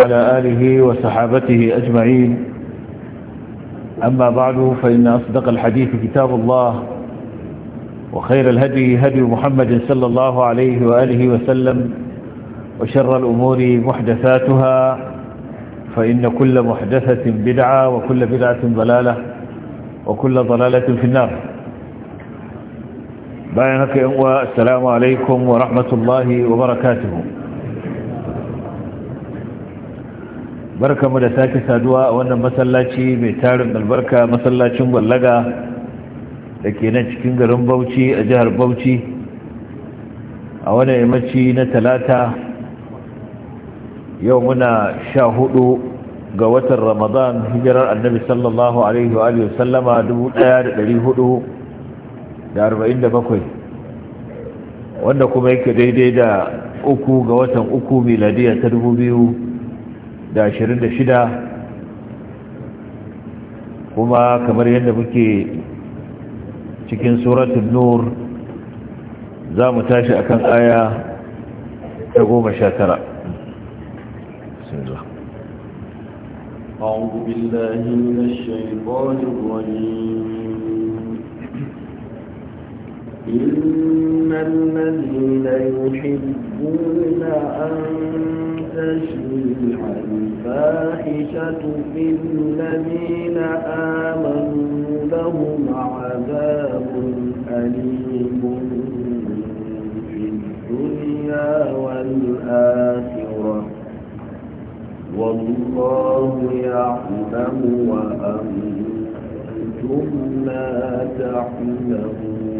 على آله وصحابته أجمعين أما بعد فإن أصدق الحديث كتاب الله وخير الهدي هدي محمد صلى الله عليه وآله وسلم وشر الأمور محدثاتها فإن كل محدثة بدعة وكل بدعة ضلالة وكل ضلالة في النار بيانك السلام عليكم ورحمة الله وبركاته barka mu da sake saduwa a wannan masallaci mai tarin albarka masallacin gwallaga da ke nan cikin garin bauchi a jihar bauchi a wani yammaci na talata yau muna sha hudu ga watan ramadan hijirar annabi sallallahu alaihi wa alihi wasallama 1447 wanda kuma yake daidai da uku ga watan uku miladiyya ta biyu. da ashirin da shida kuma kamar yadda muke cikin suratun nur za mu tashi a kan aya ta goma sha tara أعوذ بالله من الشيطان الرجيم إن الذين يحبون أن تشيع الفاحشة في الذين آمنوا لهم عذاب أليم في الدنيا والآخرة والله يعلم وأنتم لا تعلمون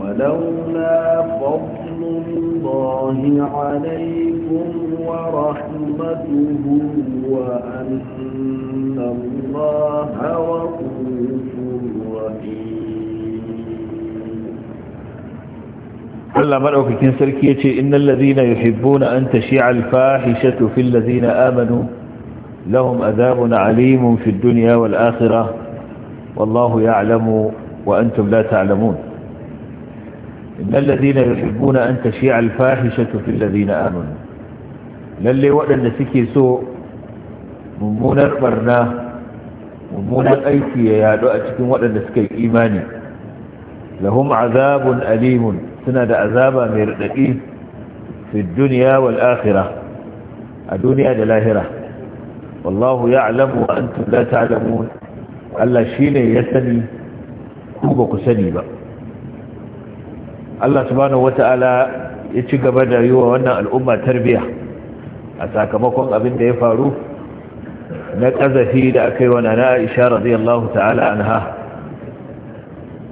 ولولا فضل الله عليكم ورحمته وأن الله رفوف رحيم الله مرعوك كنسركية إن الذين يحبون أن تشيع الفاحشة في الذين آمنوا لهم أذاب عليم في الدنيا والآخرة والله يعلم وأنتم لا تعلمون إن الذين يحبون أن تشيع الفاحشة في الذين آمنوا للي وأن سكي سوء ممونا برنا ممونا أيكي يا لؤتكم وأن سكي إيماني لهم عذاب أليم سند عذابا مرتقين في الدنيا والآخرة الدنيا للاهرة والله يعلم وأنتم لا تعلمون ألا شيني يسني كوبك سني بقى Allah subhanahu wata'ala ya ci gaba da yi wa wannan al'umma tarbiya a sakamakon abin da ya faru na ƙazafi da aka yi wa nana aisha radiyallahu ta'ala anha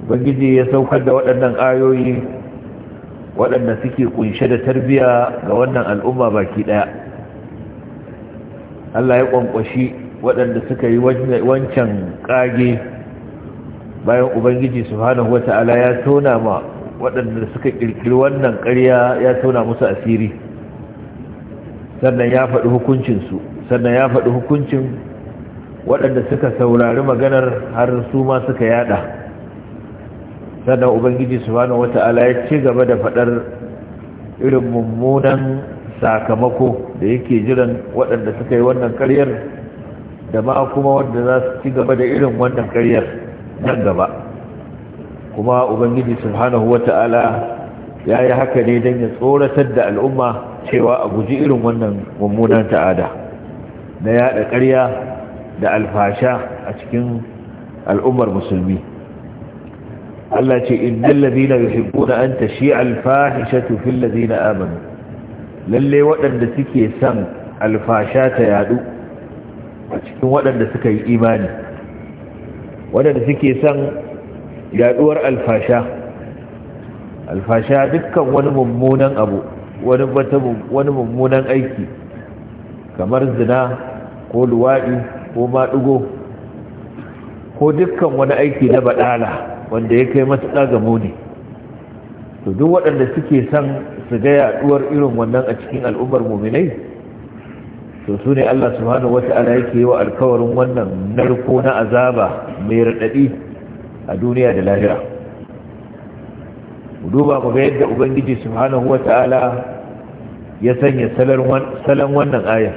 bangiji ya saukar da waɗannan ayoyi waɗanda suke kunshe da tarbiya ga wannan al'umma baki ɗaya Allah ya ƙwanƙwashi waɗanda suka yi wancan ƙage bayan ubangiji subhanahu wata'ala ya tona ma waɗanda suka ƙirƙiri wannan ƙarya ya tauna musu asiri sannan ya faɗi hukuncinsu sannan ya faɗi hukuncin waɗanda suka saurari maganar har su ma suka yada sannan ubangiji subhanahu wata'ala ya ci gaba da faɗar irin mummunan sakamako da yake jiran waɗanda suka yi wannan ƙaryar da ma kuma wanda za su ci gaba da irin wannan ƙaryar nan gaba kuma ubangiji subhanahu wata'ala ya yi haka ne don ya tsoratar da al'umma cewa a guji irin wannan mummunan ta'ada na yada ƙarya da alfasha a cikin al'ummar musulmi Allah ce innal ladina yuhibbuna an tashi'a al-fahishatu fil ladina amanu lalle waɗanda suke son alfasha ta yadu a cikin waɗanda suka yi imani waɗanda suke son yaduwar alfasha alfasha dukkan wani mummunan abu wani wani mummunan aiki kamar zina ko luwaɗi ko maɗugo ko dukkan wani aiki na baɗala wanda ya kai matuƙa ga muni to duk waɗanda suke son su ga yaduwar irin wannan a cikin al'ummar muminai to su ne Allah subhanahu wata'ala yake yi wa alkawarin wannan narko na azaba mai raɗaɗi a duniya da lahira duba mu ga yadda ubangiji subhanahu wata'ala ya sanya salon wannan aya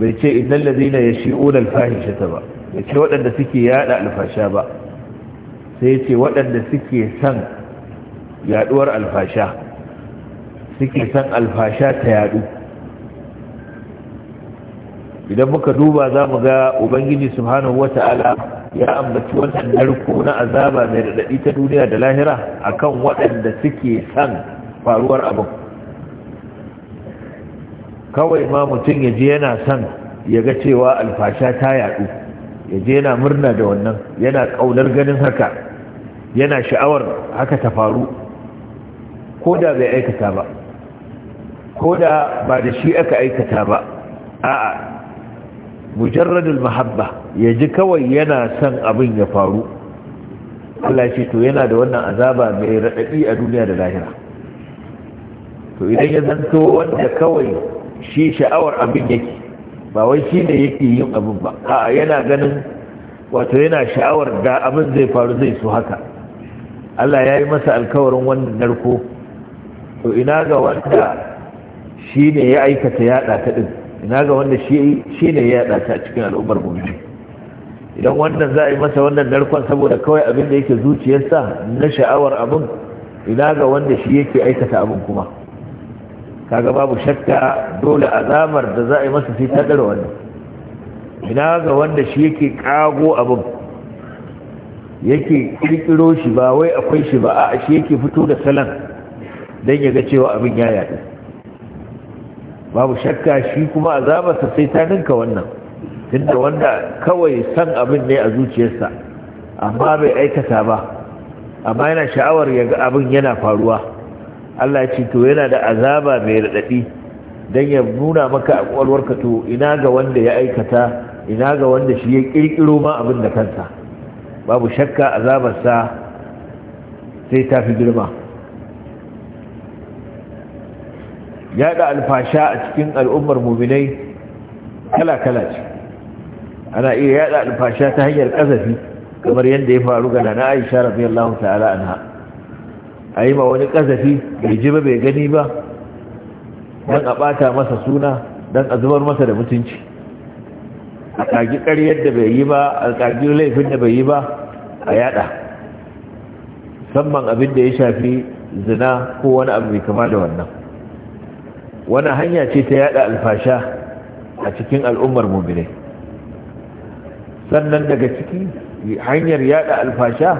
bai ce idan innal ladina yashi'una al-fahishata ba bai ce waɗanda suke yada alfasha ba sai ce waɗanda suke son yaduwar alfasha suke son alfasha ta yadu idan muka duba za mu ga ubangiji subhanahu wata'ala ya ambaci wannan narko na azaba mai daɗaɗi ta duniya da lahira akan waɗanda suke san faruwar abin kawai ma mutum ya je yana son ya ga cewa alfasha ta yaɗu ya je yana murna da wannan yana ƙaunar ganin haka yana sha'awar haka ta faru ko da bai aikata ba ko da ba da shi aka aikata ba a'a mujarradul mahabba ya ji kawai yana son abin ya faru Allah ce to yana da wannan azaba mai raɗaɗi a duniya da lahira to idan ya zanto wanda kawai shi sha'awar abin yake ba wai shi ne yake yin abin ba a yana ganin wato yana sha'awar da abin zai faru zai so haka Allah ya yi masa alkawarin wannan narko to ina ga wanda shi ne ya aikata yaɗa ta ɗin ina ga wanda shi ne ya yada ta cikin al'ummar mummuni idan wannan za a yi masa wannan narkon saboda kawai abin da yake zuciyarsa na sha'awar abin ina ga wanda shi yake aikata abin kuma kaga babu shakka dole azamar da za a yi masa sai ta dare wannan ina ga wanda shi yake kago abin yake kirkiro shi ba wai akwai shi ba a shi yake fito da salon don ya ga cewa abin ya yaɗu babu shakka shi kuma azabarsa sai ta ninka wannan tunda wanda kawai san abin ne a zuciyarsa amma bai aikata ba amma yana sha'awar yaga abin yana faruwa Allah ya ce to yana da azaba mai radadi dan ya nuna maka a kwakwalwarka to ina ga wanda ya aikata ina ga wanda shi ya kirkiro ma abin da kansa babu shakka azabarsa sai ta fi girma yaɗa alfasha a cikin al'ummar muminai kala-kala ce ana iya yaɗa alfasha ta hanyar ƙazafi kamar yadda ya faru ga nana aisha radiyallahu ta'ala anha a yi ma wani ƙazafi bai ji ba bai gani ba don a ɓata masa suna don a zubar masa da mutunci a ƙagi ƙaryar da bai yi ba a ƙagi laifin da bai yi ba a yaɗa musamman abin da ya shafi zina ko wani abu mai kama da wannan wani hanya ce ta yada alfasha a cikin al'ummar muminai sannan daga ciki hanyar yada alfasha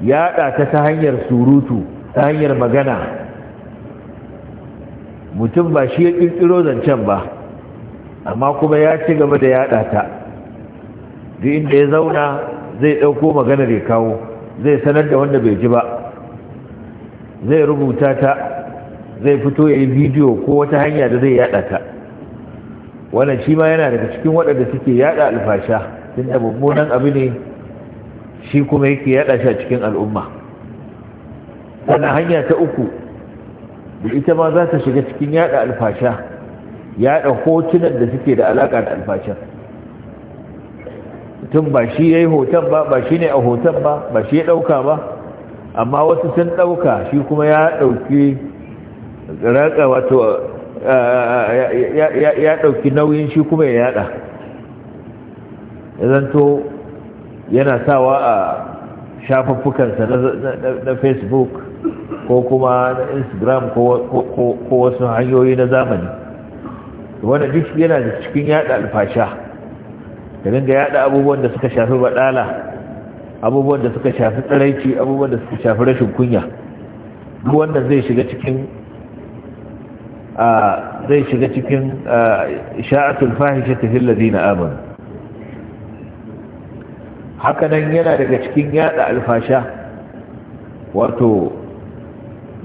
yada ta ta hanyar surutu ta hanyar magana mutum ba shi ya ƙirƙiro zancen ba amma kuma ya ci gaba da yada ta duk inda ya zauna zai ɗauko magana da kawo zai sanar da wanda bai ji ba zai rubuta ta zai fito ya yi bidiyo ko wata hanya da zai yada ta wannan shi ma yana daga cikin waɗanda suke yada alfasha tun da mummunan abu ne shi kuma yake yada shi a cikin al'umma sannan hanya ta uku da ita ma za ta shiga cikin yada alfasha yada hotunan da suke da alaka da alfashan tun ba shi ya yi hoton ba ba shi ne a hoton ba ba shi ya ɗauka ba amma wasu sun ɗauka shi kuma ya ɗauki raka wato uh, ya ɗauki nauyin shi kuma ya yada ya to yana sawa a sa na facebook ko kuma na instagram ko wasu hanyoyi na zamani wanda duk yana da cikin yada alfasha da dinga yada abubuwan da suka shafi badala, abubuwan da suka shafi tsiraici abubuwan da suka shafi rashin kunya duk wanda zai shiga cikin zai shiga cikin sha'atul fahishati fil ladina amanu hakanan yana daga cikin yada alfasha wato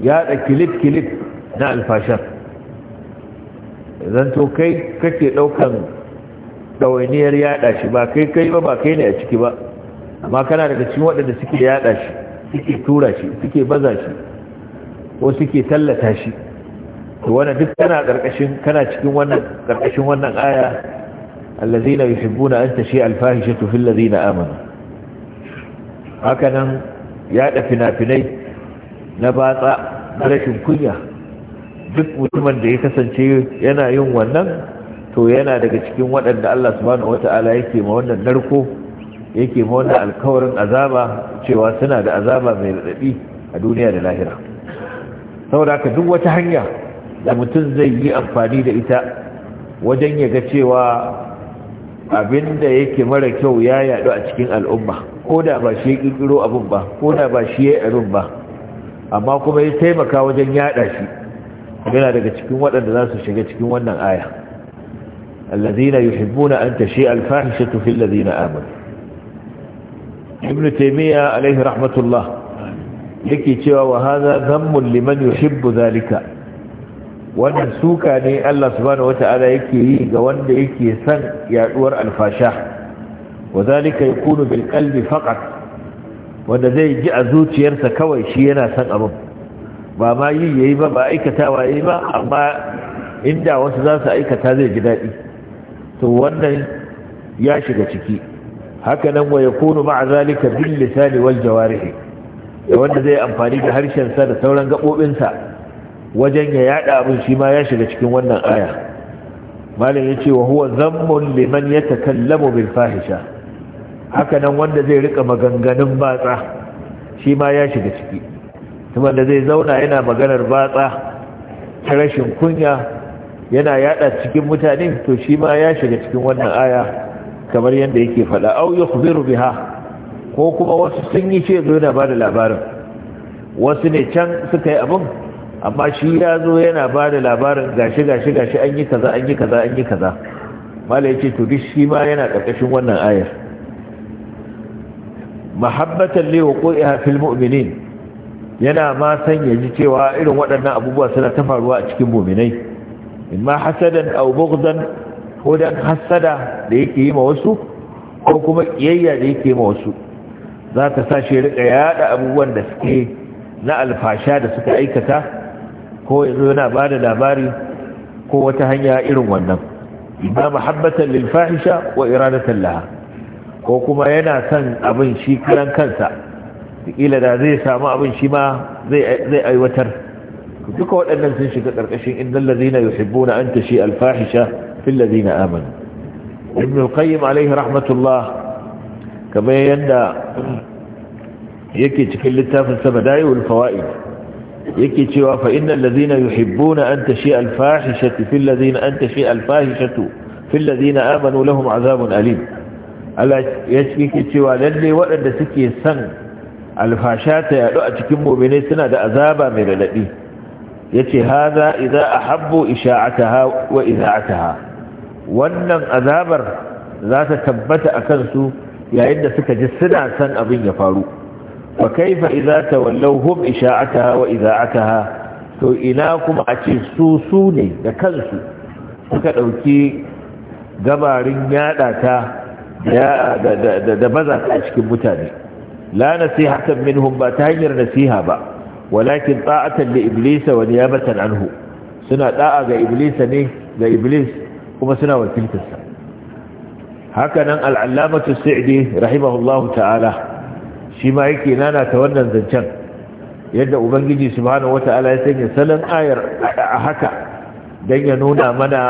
yada kilit kilit na alfashar zan to kai kake daukan dawainiyar yada shi ba kai kai ba ba kai ne a ciki ba amma kana daga cikin waɗanda suke yada shi suke tura shi suke baza shi ko suke tallata shi to duk kana karkashin kana cikin wannan karkashin wannan aya allazina yuhibbuna an tashi alfahishatu fil ladina amanu haka nan ya da fina-finai na batsa na rashin kunya duk mutumin da ya kasance yana yin wannan to yana daga cikin waɗanda Allah subhanahu wata'ala yake ma wannan narko yake ma wannan alkawarin azaba cewa suna da azaba mai raɗaɗi a duniya da lahira saboda haka duk wata hanya da mutum zai yi amfani da ita wajen ya ga cewa abin da yake mara kyau ya yadu a cikin al'umma ko da ba shi ya ƙirƙiro abin ba ko da ba shi ya yi abin ba amma kuma ya taimaka wajen yada shi yana daga cikin waɗanda za su shiga cikin wannan aya allazina yuhibbuna an tashi alfahishatu fil ladina amanu ibnu taymiya alayhi rahmatullah yake cewa wa hadha dhammun liman yuhibbu zalika wannan suka ne Allah subhanahu wata'ala yake yi ga wanda yake son yaduwar alfasha wa zalika yakunu bil qalbi faqat wanda zai ji a zuciyarsa kawai shi yana son abin ba ma yi yayi ba ba aikatawa yayi ba amma inda wasu za su aikata zai ji daɗi to wannan ya shiga ciki haka nan wa yakunu ma'a zalika bil lisani wal jawarih wanda zai amfani da harshen sa da sauran gabobinsa wajen ya yada abin shi ma ya shiga cikin wannan aya malam ya ce wa huwa zammun liman ya takallamu bil fahisha haka nan wanda zai rika maganganun batsa shi ma ya shiga ciki kuma da zai zauna yana maganar batsa ta rashin kunya yana yada cikin mutane to shi ma ya shiga cikin wannan aya kamar yadda yake faɗa au yukhbiru biha ko kuma wasu sun yi ce zo da ba da labarin wasu ne can suka yi abin amma shi ya zo yana ba da labarin gashi gashi gashi an yi kaza an yi kaza an yi kaza mala ya ce to duk shi ma yana ƙarƙashin wannan ayar mahabbatan li wuqu'iha fil mu'minin yana ma san ya ji cewa irin waɗannan abubuwa suna ta faruwa a cikin mu'minai ma hasadan aw bughdan ko dan hasada da yake yi ma wasu ko kuma kiyayya da yake yi ma wasu za ta sa shi rika yada abubuwan da suke na alfasha da suka aikata ko yanzu yana ba da labari ko wata hanya irin wannan ba mahabbatan lil fahisha wa iradatan laha ko kuma yana son abin shi kansa kila da zai samu abin shi ma zai aiwatar duka waɗannan sun shiga ƙarƙashin inda lazina yuhibbuna an tashi alfahisha fin lazina amanu ibn al-qayyim alayhi rahmatullah kamar yadda yake cikin littafin sa badaiul fawaid yake cewa fa innal ladhina yuhibbuna an tashi al fahishatu fil ladhina an tashi al fahishatu fil ladhina amanu lahum azabun alim Allah yake cewa lalle waɗanda suke son alfasha ta yadu a cikin mu'mini suna da azaba mai radadi yace hadha idza ahabbu isha'ataha wa idza'ataha wannan azabar za ta tabbata akan su yayin da suka ji suna son abin ya faru fa kaifa idza tawallaw hum isha'ataha wa idza'ataha to ina kuma a ce su su ne da kansu suka dauki gabarin yada ta da baza a cikin mutane la nasihatan minhum ba ta hanyar nasiha ba walakin ta'atan li iblis wa niyabatan anhu suna da'a ga iblis ne ga iblis kuma suna wakiltarsa haka nan al-allamatu sa'di rahimahullahu ta'ala shi ma yake nana ta wannan zancen yadda ubangiji subhanahu wata'ala ya sanya salon ayar a haka don ya nuna mana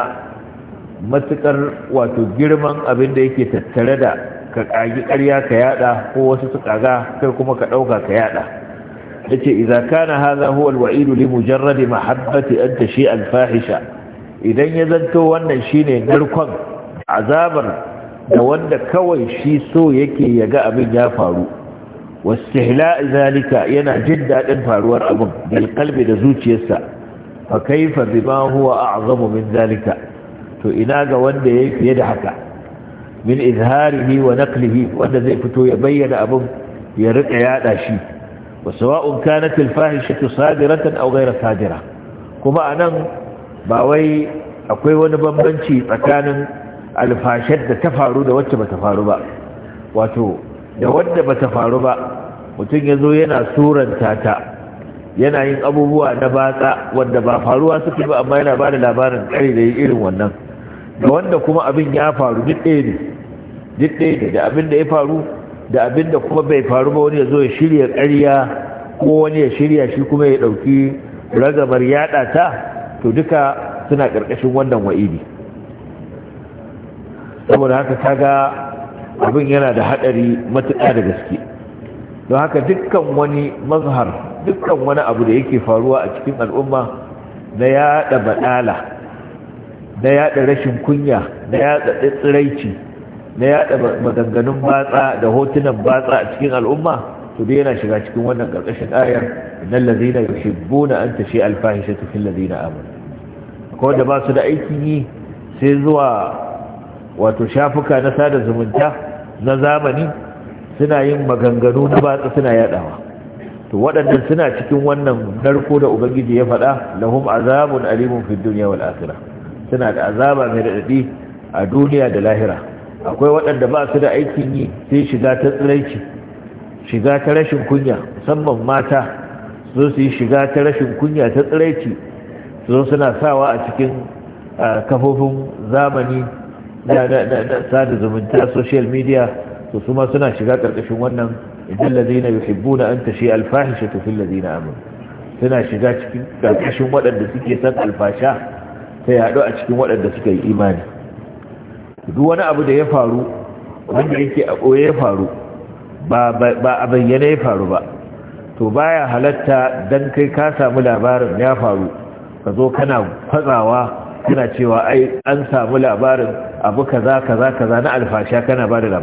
matukar wato girman abin da yake tattare da ka kagi ƙarya ka yada ko wasu su kaga kai kuma ka ɗauka ka yada yace ce kana haza huwa alwa'idu li mujarradi mahabbati an tashi alfahisha idan ya zanto wannan shine narkon azabar da wanda kawai shi so yake ya ga abin ya faru واستحلاء ذلك Zalika yana jin daɗin faruwar بالقلب da zuciyarsa fa kaifa bima huwa a'zamu min zalika to ina ga wanda yayi fiye da haka min izharihi wa naqlihi wanda zai fito ya bayyana abin ya rika yada shi wa sawa'un kanat al-fahishatu sadiratan aw ghayra sadira kuma anan ba wai akwai wani bambanci tsakanin alfashar da ta faru da wacce ta faru ba wato da wadda bata faru ba mutum ya zo yana suranta ta yana yin abubuwa na batsa wanda ba faruwa suke ba amma yana ba da labarin kare da irin wannan da wanda kuma abin ya faru duk ɗaya ne duk ɗaya ne da abin da ya faru da abin da kuma bai faru ba wani ya zo ya shirya ƙarya ko wani ya shirya shi kuma ya ɗauki ragamar yaɗa ta to duka suna ƙarƙashin wannan wa'idi saboda haka ga abin yana da haɗari matuƙa da gaske don haka dukkan wani mazhar dukkan wani abu da yake faruwa a cikin al'umma na yada badala na yada rashin kunya na yada tsiraici na yada maganganun batsa da hotunan batsa a cikin al'umma to dai yana shiga cikin wannan karkashin ayar innal ladina yuhibbuna an tashi alfahishatu fil ladina amanu ko da ba su da aikin yi sai zuwa wato shafuka na sada zumunta na zamani suna yin maganganu na batsa suna yaɗawa, to waɗannan suna cikin wannan narko da ubangiji ya faɗa lahum azabun alimun fid dunya wal akhirah suna da azaba mai radadi a duniya da lahira akwai waɗanda ba su da aikin yi sai shiga ta tsiraici shiga ta rashin kunya musamman mata su su yi shiga ta rashin kunya ta tsiraici su suna sawa a cikin kafofin zamani na sada zumunta social media to su ma suna shiga karkashin wannan idan lazina yuhibbuna an tashi alfahishatu fil lazina amanu suna shiga cikin karkashin waɗanda suke san alfasha ta yaɗo a cikin waɗanda suka yi imani duk wani abu da ya faru wanda yake a ɓoye ya faru ba a bayyana ya faru ba to baya halatta dan kai ka samu labarin ya faru ka zo kana fatsawa kana cewa ai an samu labarin abu kaza kaza kaza na alfasha kana ba da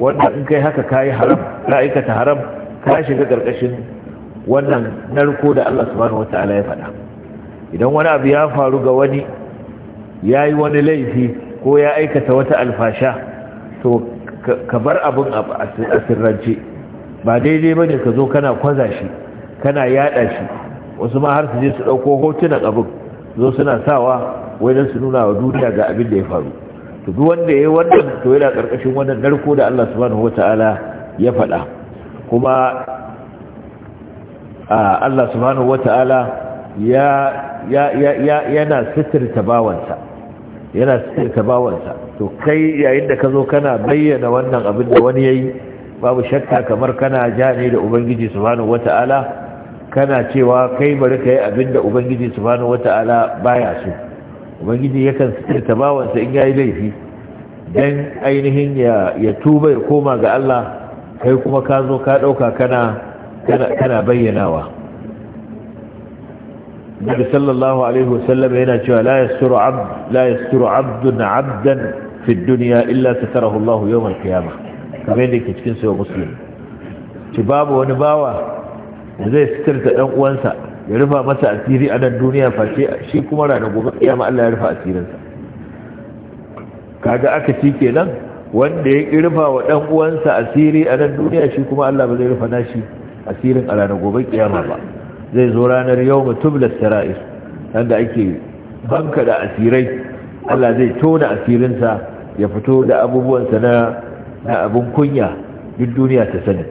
wanda in kai haka yi haram ka aikata haram ka shiga karkashin wannan narko da Allah subhanahu ta'ala ya faɗa idan wani abu ya faru ga wani ya yi wani laifi ko ya aikata wata alfasha to ka bar abin a sirrance ba daidai ba ne ka zo kana kwaza shi kana yada shi wasu ma har su je su ɗauko hotunan abin zo suna sawa wai su nuna wa duniya ga abin da ya faru to duk wanda yayi wannan to yana ƙarƙashin wannan narko da Allah subhanahu wataala ya faɗa kuma Allah subhanahu wataala ya yana sitirta bawansa yana sitirta bawansa to kai yayin da ka zo kana bayyana wannan abin da wani ya yi, babu shakka kamar kana ja ne da ubangiji subhanahu wataala kana cewa kai bari kai abin da ubangiji subhanahu wataala baya so ubangiji yakan sitirta bawansa in ya yi laifi dan ainihin ya ya tuba ya koma ga Allah kai kuma ka zo ka ɗauka kana bayyanawa Nabi sallallahu alaihi wasallam yana cewa la ya abd la yasturu abdun abdan fi duniya illa tara Allah yawm al-qiyamah kamar yadda ke cikin sahih muslim ci babu wani bawa zai sitirta dan uwansa ya rufa masa asiri a nan duniya face shi kuma rana gobe kiyama Allah ya rufa asirinsa kaga aka ci kenan wanda ya rufa wa dan uwansa asiri a nan duniya shi kuma Allah ba zai rufa nashi asirin a ranar gobe kiyama ba zai zo ranar yau mutum da sara'ir wanda ake banka da asirai Allah zai tona asirinsa ya fito da abubuwansa na na abun kunya duk duniya ta sani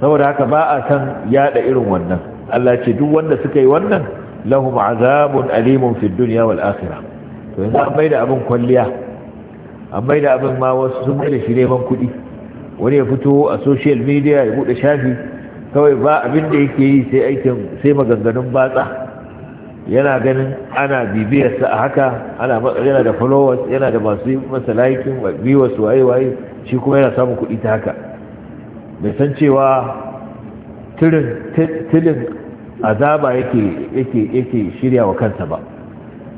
saboda haka ba a san yada irin wannan Allah ce duk wanda suka yi wannan lahum azabun alimun fid dunya wal akhirah to yanzu an maida abin kwalliya an maida abin ma wasu sun maida shi neman kuɗi wani ya fito a social media ya buɗe shafi kawai ba abin da yake yi sai aikin sai maganganun batsa yana ganin ana bibiyarsa a haka ana yana da followers yana da masu masa liking wasu waye waye shi kuma yana samun kuɗi ta haka bai san cewa tilin azaba yake shirya wa kansa ba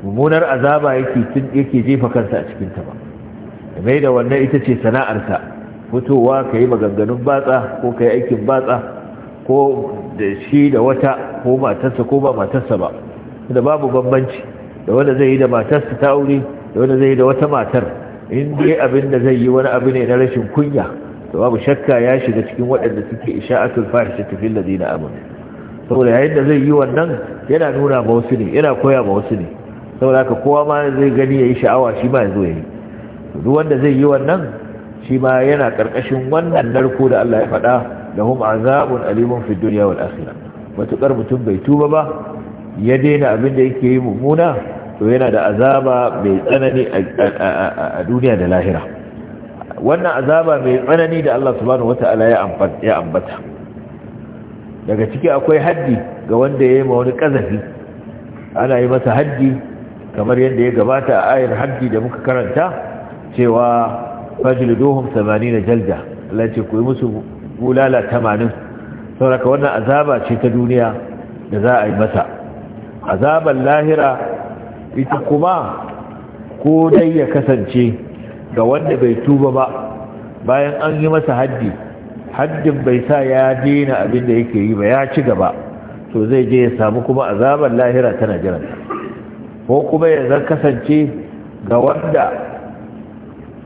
mummunar azaba yake jefa kansa a cikinta ba mai da wannan ita ce sana'arsa fitowa ka yi maganganun batsa ko ka yi aikin batsa ko da shi da wata ko matarsa ko ba matarsa ba da babu bambanci da wanda zai yi da matarsa ta aure da wanda zai yi da wata matar in dai abin da zai yi wani abu ne na rashin kunya babu shakka ya shiga cikin waɗanda suke isha'atul ta fil ladina amanu saboda yayin da zai yi wannan yana nuna ba wasu ne yana koya ba wasu ne saboda haka kowa ma zai gani yayi sha'awa shi ma yazo yayi duk wanda zai yi wannan shi ma yana karkashin wannan narko da Allah ya faɗa lahum azabun alimun fid dunya wal akhirah matukar mutum bai tuba ba ya daina abin da yake yi mummuna to yana da azaba mai tsanani a duniya da lahira wannan azaba mai tsanani da Allah subhanahu wata'ala ya ambata daga ciki akwai haddi ga wanda ya yi ma wani kazafi ana yi masa haddi kamar yadda ya gabata a ayar haddi da muka karanta cewa samani na jalda Allah ce ku yi musu bulala tamanin saboda wannan azaba ce ta duniya da za a yi masa azaban lahira ita kuma ko dai ya kasance ga wanda bai tuba ba bayan an yi masa haddi haddin bai sa ya daina abin da yake yi ba ya ci gaba to zai je ya samu kuma azabar lahira tana jiran ko kuma ya zan kasance ga wanda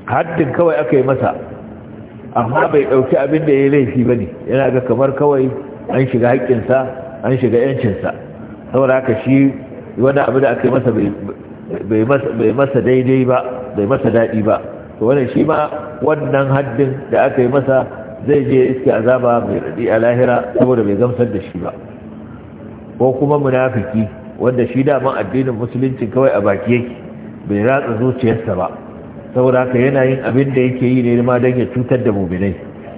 haddin kawai aka yi masa amma bai ɗauki abin da ya yi laifi ba ne yana ga kamar kawai an shiga haƙƙinsa an shiga ‘yancinsa saboda haka shi wani abu da aka yi masa bai masa daidai ba bai masa daɗi ba to wannan shi ma wannan haddin da aka yi masa zai je iske azaba mai radi a lahira saboda bai gamsar da shi ba ko kuma munafiki wanda shi daman addinin musulunci kawai a baki yake bai ratsa zuciyarsa ba saboda haka yana yin abin da yake yi ne ma don ya cutar da muminai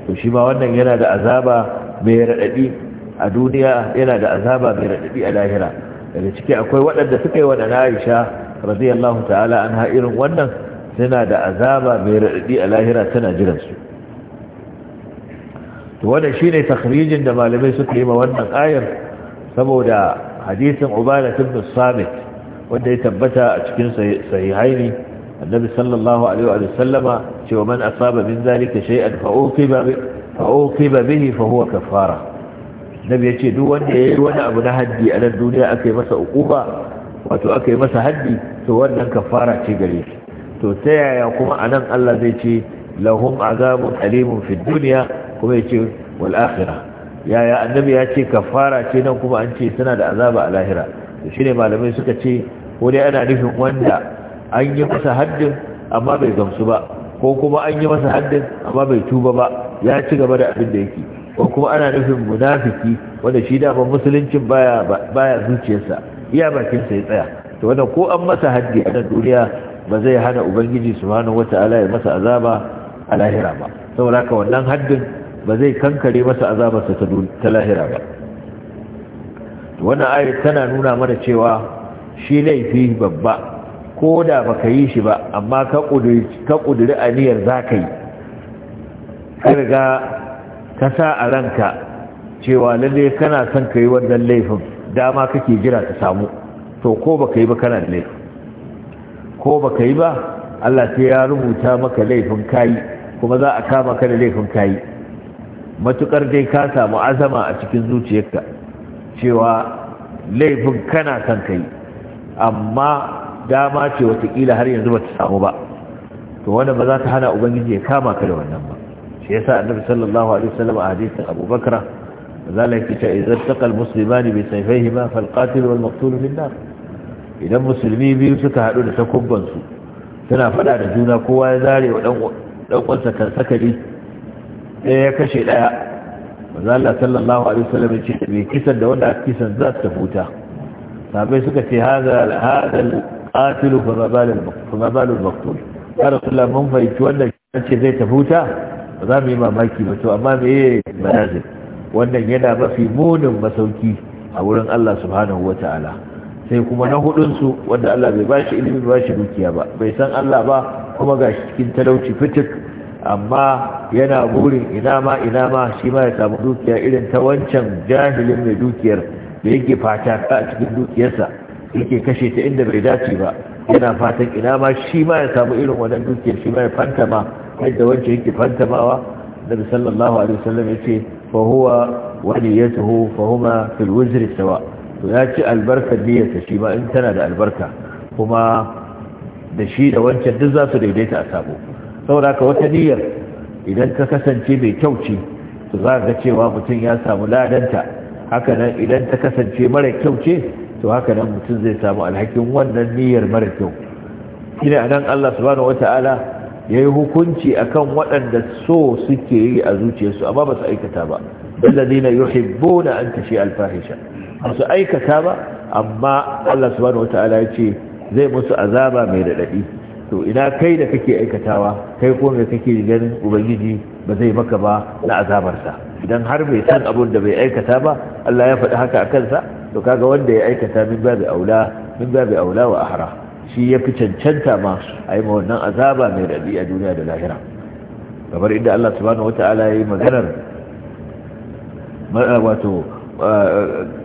to shi ma wannan yana da azaba mai raɗaɗi a duniya yana da azaba mai raɗaɗi a lahira daga ciki akwai waɗanda suka yi wa na aisha radiyallahu ta'ala an irin wannan suna da azaba mai raɗaɗi a lahira tana jiransu to wannan shine takhrijin da malamai suka yi ma wannan ayar saboda hadisin ubada Musamman, samit wanda ya tabbata a cikin sahihaini annabi sallallahu alaihi wa sallama cewa man asaba min zalika shay'an fa uqiba fa bihi fa huwa kafara nabi ce duk wanda yayi wani abu na haddi a nan duniya akai masa uquba wato aka yi masa haddi to wannan kafara ce gare shi to ta yaya kuma a nan Allah zai ce lahum azabun alimun fi dunya kuma ya ce wal akhirah yaya annabi ya ce kafara ce nan kuma an ce suna da azaba a lahira to shine malamai suka ce ko dai ana nufin wanda an yi masa haddin amma bai gamsu ba ko kuma an yi masa haddin amma bai tuba ba ya ci gaba da abin da yake ko kuma ana nufin munafiki wanda shi da ban musuluncin baya baya zuciyarsa iya bakin sai ya tsaya to wannan ko an masa haddi a duniya ba zai hana ubangiji subhanahu wataala ya masa azaba a lahira ba saboda ka wannan haddin ba zai kankare masa azabarsa ta lahira ba wannan ayat tana nuna mana cewa shi laifi babba ko da baka yi shi ba amma ka kuduri aniyar za ka yi ka sa a ranka cewa lalle kana son ka yi wannan laifin dama kake jira ta samu to ko baka yi ba kana da laifi ko baka yi ba Allah sai ya rubuta maka laifin kayi kuma za a kama ka da laifin kayi matukar dai ka samu azama a cikin zuciyarka cewa laifin kana son kai amma dama ce watakila har yanzu ba ta samu ba to wanda ba za ta hana ubangiji ya kama ka da wannan ba shi yasa annabi sallallahu alaihi wasallam a hadisin abubakar zala yake ta idan takal muslimani bi sayfaihi ma fal qatil wal maqtul idan musulmi biyu suka haɗu da takubban su suna fada da juna kowa ya zare wa dan kan sakari ɗaya ya kashe ɗaya manzo Allah sallallahu kisan da wanda a kisan za su tafuta sabai suka ce hada فما بال المقتول يا رسول الله من zai tafuta ba za mu yi mamaki ba to amma me manazil wannan yana mafi munin masauki a wurin Allah subhanahu wa ta'ala sai kuma na hudunsu wanda Allah bai bashi ilimi ba shi dukiya ba bai san Allah ba kuma ga cikin talauci fitik amma yana burin ina ma ina ma shi ma ya samu dukiya irin ta wancan jahilin mai dukiyar da yake fata ka a cikin dukiyarsa yake kashe ta inda bai dace ba yana fatan ina ma shi ma ya samu irin wannan dukiyar shi ma ya fantama yadda wancan yake fantamawa da sallallahu alaihi wasallam ya ce فهو وليته فهما في الوزر سواء ci البركة دية shima in tana da albarka, kuma da shi da wancan duk zasu daidaita a sabo saboda ka wata niyyar idan ta kasance mai kyau ce to za ga cewa mutum ya samu ladanta haka nan idan ta kasance mara kyau ce to haka nan mutum zai samu alhakin wannan niyyar mara kyau shine nan Allah subhanahu Ta'ala. ya yi hukunci akan waɗanda so suke yi a zuciyarsu amma ba su aikata ba dalladina yuhibbuna an tashi alfahisha ba su aikata ba amma Allah subhanahu wataala ya ce zai musu azaba mai daɗaɗi to ina kai da kake aikatawa kai ko me kake ganin ubangiji ba zai maka ba na azabarsa idan har bai san abun da bai aikata ba Allah ya faɗi haka a kansa to kaga wanda ya aikata min babu aula min aula wa ahra shi ya fi cancanta ma a yi wannan azaba mai rabi a duniya da lahira kamar inda Allah subhanahu wata'ala ya yi maganar wato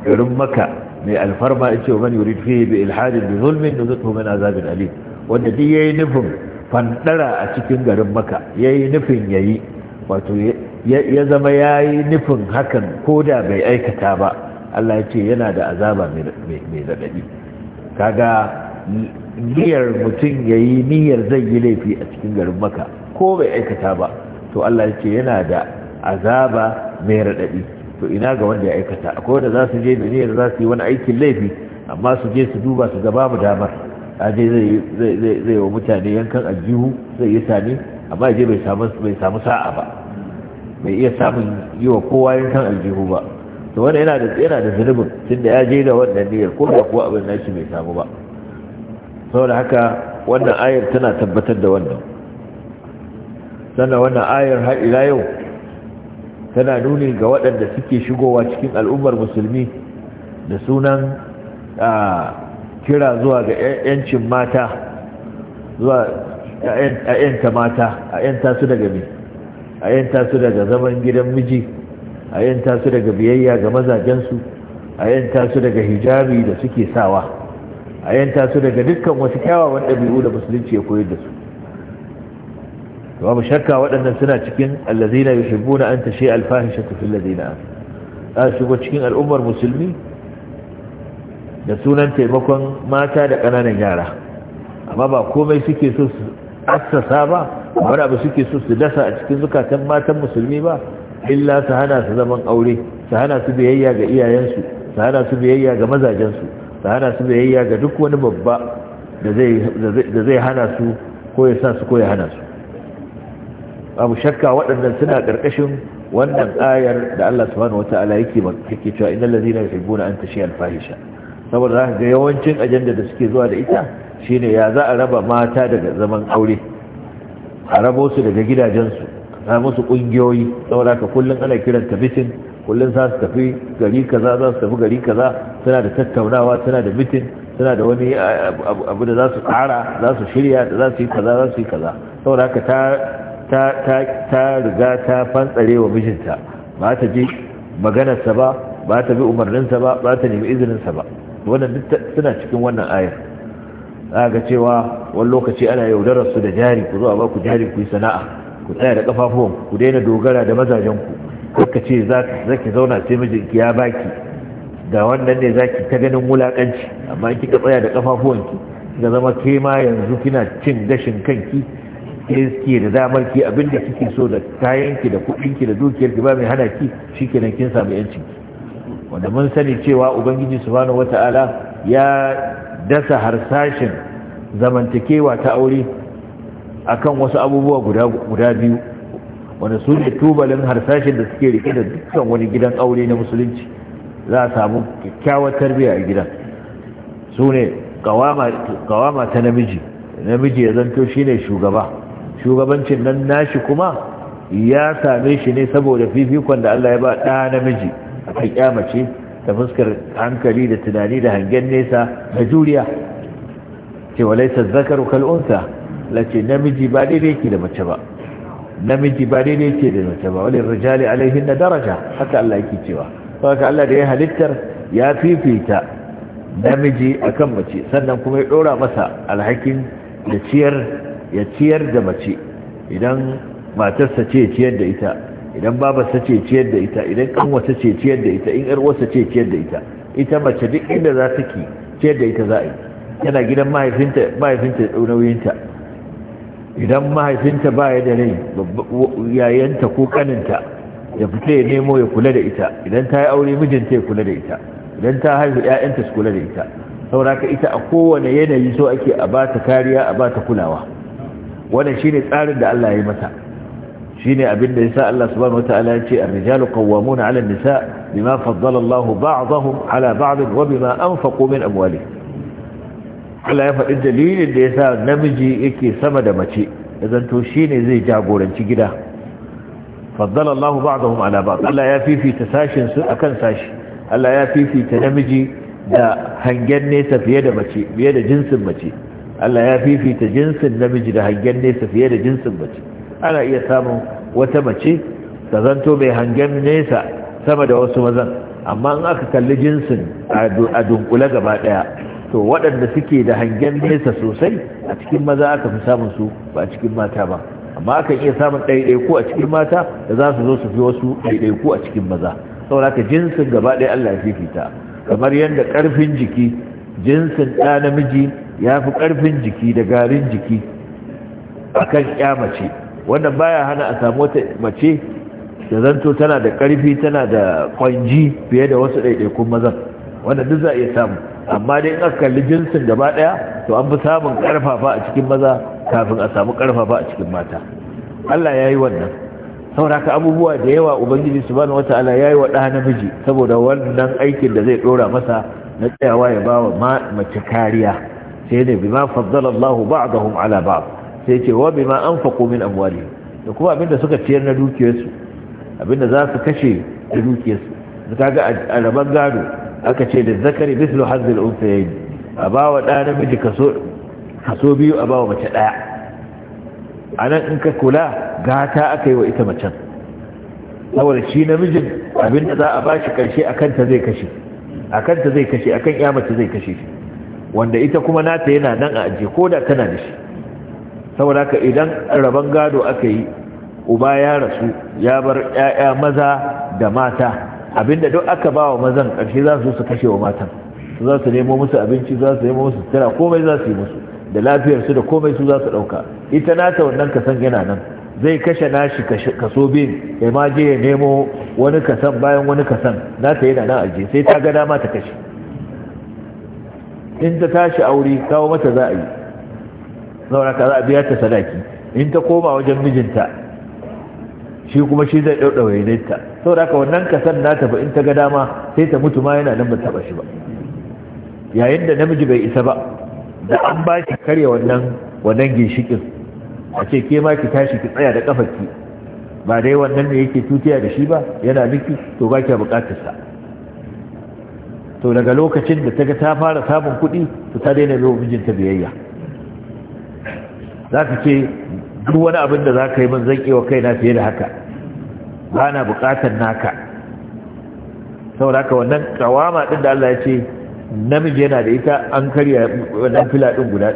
garin maka mai alfarma ya ce wa mani yurid fiye bi ilhadin bi zulmin da zuto min azabin alim wanda duk ya yi nufin fandara a cikin garin maka ya yi nufin ya yi wato ya zama ya yi nufin hakan ko da bai aikata ba Allah ya ce yana da azaba mai raɗaɗi kaga niyyar mutum ya yi niyyar zai yi laifi a cikin garin maka ko bai aikata ba to Allah ce yana da azaba mai raɗaɗi to ina ga wanda ya aikata akwai wanda za su je da niyyar za su yi wani aikin laifi amma su je su duba su gaba mu damar aje zai zai wa mutane yankan aljihu zai yi sani amma je bai samu sa'a ba bai iya samun yi wa kowa yankan aljihu ba to wani yana da yana da tunda ya je da wannan niyyar ko da kuwa abin nashi bai samu ba saboda haka wannan ayar tana tabbatar da wannan sannan wannan ayar har ila yau tana nuni ga waɗanda suke shigowa cikin al'ummar musulmi da sunan kira zuwa ga 'yancin mata zuwa a 'yanta mata a 'yanta su daga mai a 'yanta su daga zaman gidan miji a 'yanta su daga biyayya ga mazajensu a 'yanta su daga hijabi da suke sawa a yanta su daga dukkan wasu kyawawan ɗabi'u da musulunci ya koyar da su babu shakka waɗannan suna cikin allazina yuhibbuna an tashi alfahishatu fil ladina a shigo cikin al'ummar musulmi da sunan taimakon mata da ƙananan yara amma ba komai suke so su assasa ba wani abu suke so su dasa a cikin zukatan matan musulmi ba illa su hana su zaman aure su hana su biyayya ga iyayensu su hana su biyayya ga mazajensu da hana su biyayya ga duk wani babba da zai hana su ko ya sa su ko ya hana su abu shakka waɗannan suna ƙarƙashin wannan ayar da Allah subhanahu wata'ala yake yake cewa innal ladina yuhibbuna an tashi al-fahisha saboda zaka ga yawancin ajanda da suke zuwa da ita shine ya za a raba mata daga zaman aure a rabo su daga gidajen su a musu kungiyoyi saboda ka kullun ana kiran ta bitin kullum za su tafi gari kaza za su tafi gari kaza suna da tattaunawa suna da mitin suna da wani abu da za su tsara za su shirya da za su yi kaza za su yi kaza saboda haka ta riga ta fantsare wa mijinta ba ta ji maganarsa ba ba ta bi umarninsa ba ba ta nemi izininsa ba wannan duk suna cikin wannan ayar za ga cewa wani lokaci ana yaudararsu da jari ku zuwa a ba ku jari ku yi sana'a ku tsaya da ƙafafuwan, ku daina dogara da mazajenku. ka ce za ki zauna sai mijinki ya baki ga wannan ne za ki ta ganin wulakanci amma kika tsaya da kafafuwanki ga zama ke ma yanzu kina cin gashin kanki ke da damar ki abinda kike so da kayanki da kuɗinki da dukiyar ki ba mai hana ki shi shikenan kin samu yancin wanda mun sani cewa ubangiji subhanahu wata'ala ya dasa harsashin zamantakewa ta aure akan wasu abubuwa guda biyu wanda su ne tubalin harsashin da suke rike da dukkan wani gidan aure na musulunci za a samu kyakkyawar tarbiyya a gidan su ne kawama ta namiji namiji ya zanto shi ne shugaba shugabancin nan nashi kuma ya same shi ne saboda fifikon da Allah ya ba ɗa namiji a kan kyamace ta fuskar hankali da tunani da hangen nesa da juriya ce walaisa zakaru kal'unta lace namiji ba daidai yake da mace ba namiji ba daidai ce da mace ba wani rijali alaihin na daraja haka Allah yake cewa haka Allah da ya halittar ya fifita namiji akan mace sannan kuma ya dora masa alhakin da ciyar ya ciyar da mace idan matarsa ce ciyar da ita idan babarsa ce ciyar da ita idan kanwarsa ce ciyar da ita in yarwarsa ce ciyar da ita ita mace duk inda za ta ki ciyar da ita za a yi tana gidan mahaifinta mahaifinta ya ɗau nauyinta idan mahaifinta ba ya da rai yayanta ko kaninta ya fita ya nemo ya kula da ita idan ta yi aure mijinta ya kula da ita idan ta haihu ‘ya'yanta su kula da ita sauraka ita a kowane yanayi so ake a ba ta kariya a ba ta kulawa wannan shine tsarin da Allah ya mata shine abin da yasa Allah subhanahu wataala ya ce ar-rijalu qawwamuna 'ala an-nisa bima faddala Allahu ba'dahum 'ala ba'd wa bima anfaqu min amwalihim Allah ya faɗi dalilin da ya sa namiji yake sama da mace ya zanto shi ne zai jagoranci gida faddala Allah ba'dahum ala ba Allah ya fifita sashin su akan sashi Allah ya fifita namiji da hangen nesa fiye da mace fiye da jinsin mace Allah ya fifita jinsin namiji da hangen nesa fiye da jinsin mace ana iya samun wata mace ta zanto mai hangen nesa sama da wasu mazan amma in aka kalli jinsin a dunkule gaba daya to waɗanda suke da hangen nesa sosai a cikin maza aka fi samun su ba a cikin mata ba amma aka iya samun ɗaiɗaiku a cikin mata da za su zo su fi wasu ɗaiɗaiku a cikin maza saboda ka jinsin gaba ɗaya Allah ya fifita kamar yadda ƙarfin jiki jinsin ɗa namiji ya fi ƙarfin jiki da garin jiki a kan ƴa mace wannan baya hana a samu wata mace da zanto tana da ƙarfi tana da kwanji fiye da wasu ɗaiɗaikun mazan wanda duk za a iya samu amma dai in aka kalli jinsin gaba daya to an fi samun karfafa a cikin maza kafin a samu karfafa a cikin mata Allah ya yi wannan sauraka abubuwa da yawa ubangiji subhanahu wataala ya yi wa ɗa namiji saboda wannan aikin da zai ɗora masa na tsayawa ya bawa mace kariya sai ne bima faddala Allahu ba'dahum ala ba'd sai ce wa an anfaqu min amwali da kuma abinda suka ciyar na dukiyarsu abinda za su kashe da dukiyarsu kaga a rabon gado aka ce da zakari mislu hazzil unsayayn a ba wa ɗa namiji kaso biyu a ba wa mace ɗaya a nan in ka kula gata aka yi wa ita macen saboda shi namijin abin da za a ba shi ƙarshe a kanta zai kashe a kanta zai kashe a kan ya mace zai kashe shi wanda ita kuma nata yana nan a ajiye ko da tana da shi saboda haka idan rabon gado aka yi uba ya rasu ya bar 'ya'ya maza da mata abinda duk aka ba wa mazan ƙarshe za su su kashe wa matan za su nemo musu abinci za su nemo musu sutura komai za su yi musu da lafiyar su da komai su za su ɗauka ita nata wannan kasan yana nan zai kashe nashi kaso bin ya ma je ya nemo wani kasan bayan wani kasan nata yana nan aje sai ta ga dama ta kashe in ta tashi aure kawo mata za a yi zaura ka za a biya ta sadaki in ta koma wajen mijinta shi kuma shi zai ɗauɗa waidaita sau da aka wannan kasar na tafi in ta ga dama sai ta mutu ma yana nan ba taɓa shi ba yayin da namiji bai isa ba da an ba shi karya wannan wannan ginshikin a ce ke ma ki tashi ki tsaya da ƙafarki, ba dai wannan ne yake tutiya da shi ba yana miki to ba kya buƙatar sa to daga lokacin da ta ga ta fara samun kuɗi to ta daina biyo mijinta biyayya za ka ce duk wani abin da za ka yi min zan iya wa kaina fiye da haka ba na bukatar naka da haka wannan kawama din da Allah ya ce namiji yana da ita an karya wannan fila din guda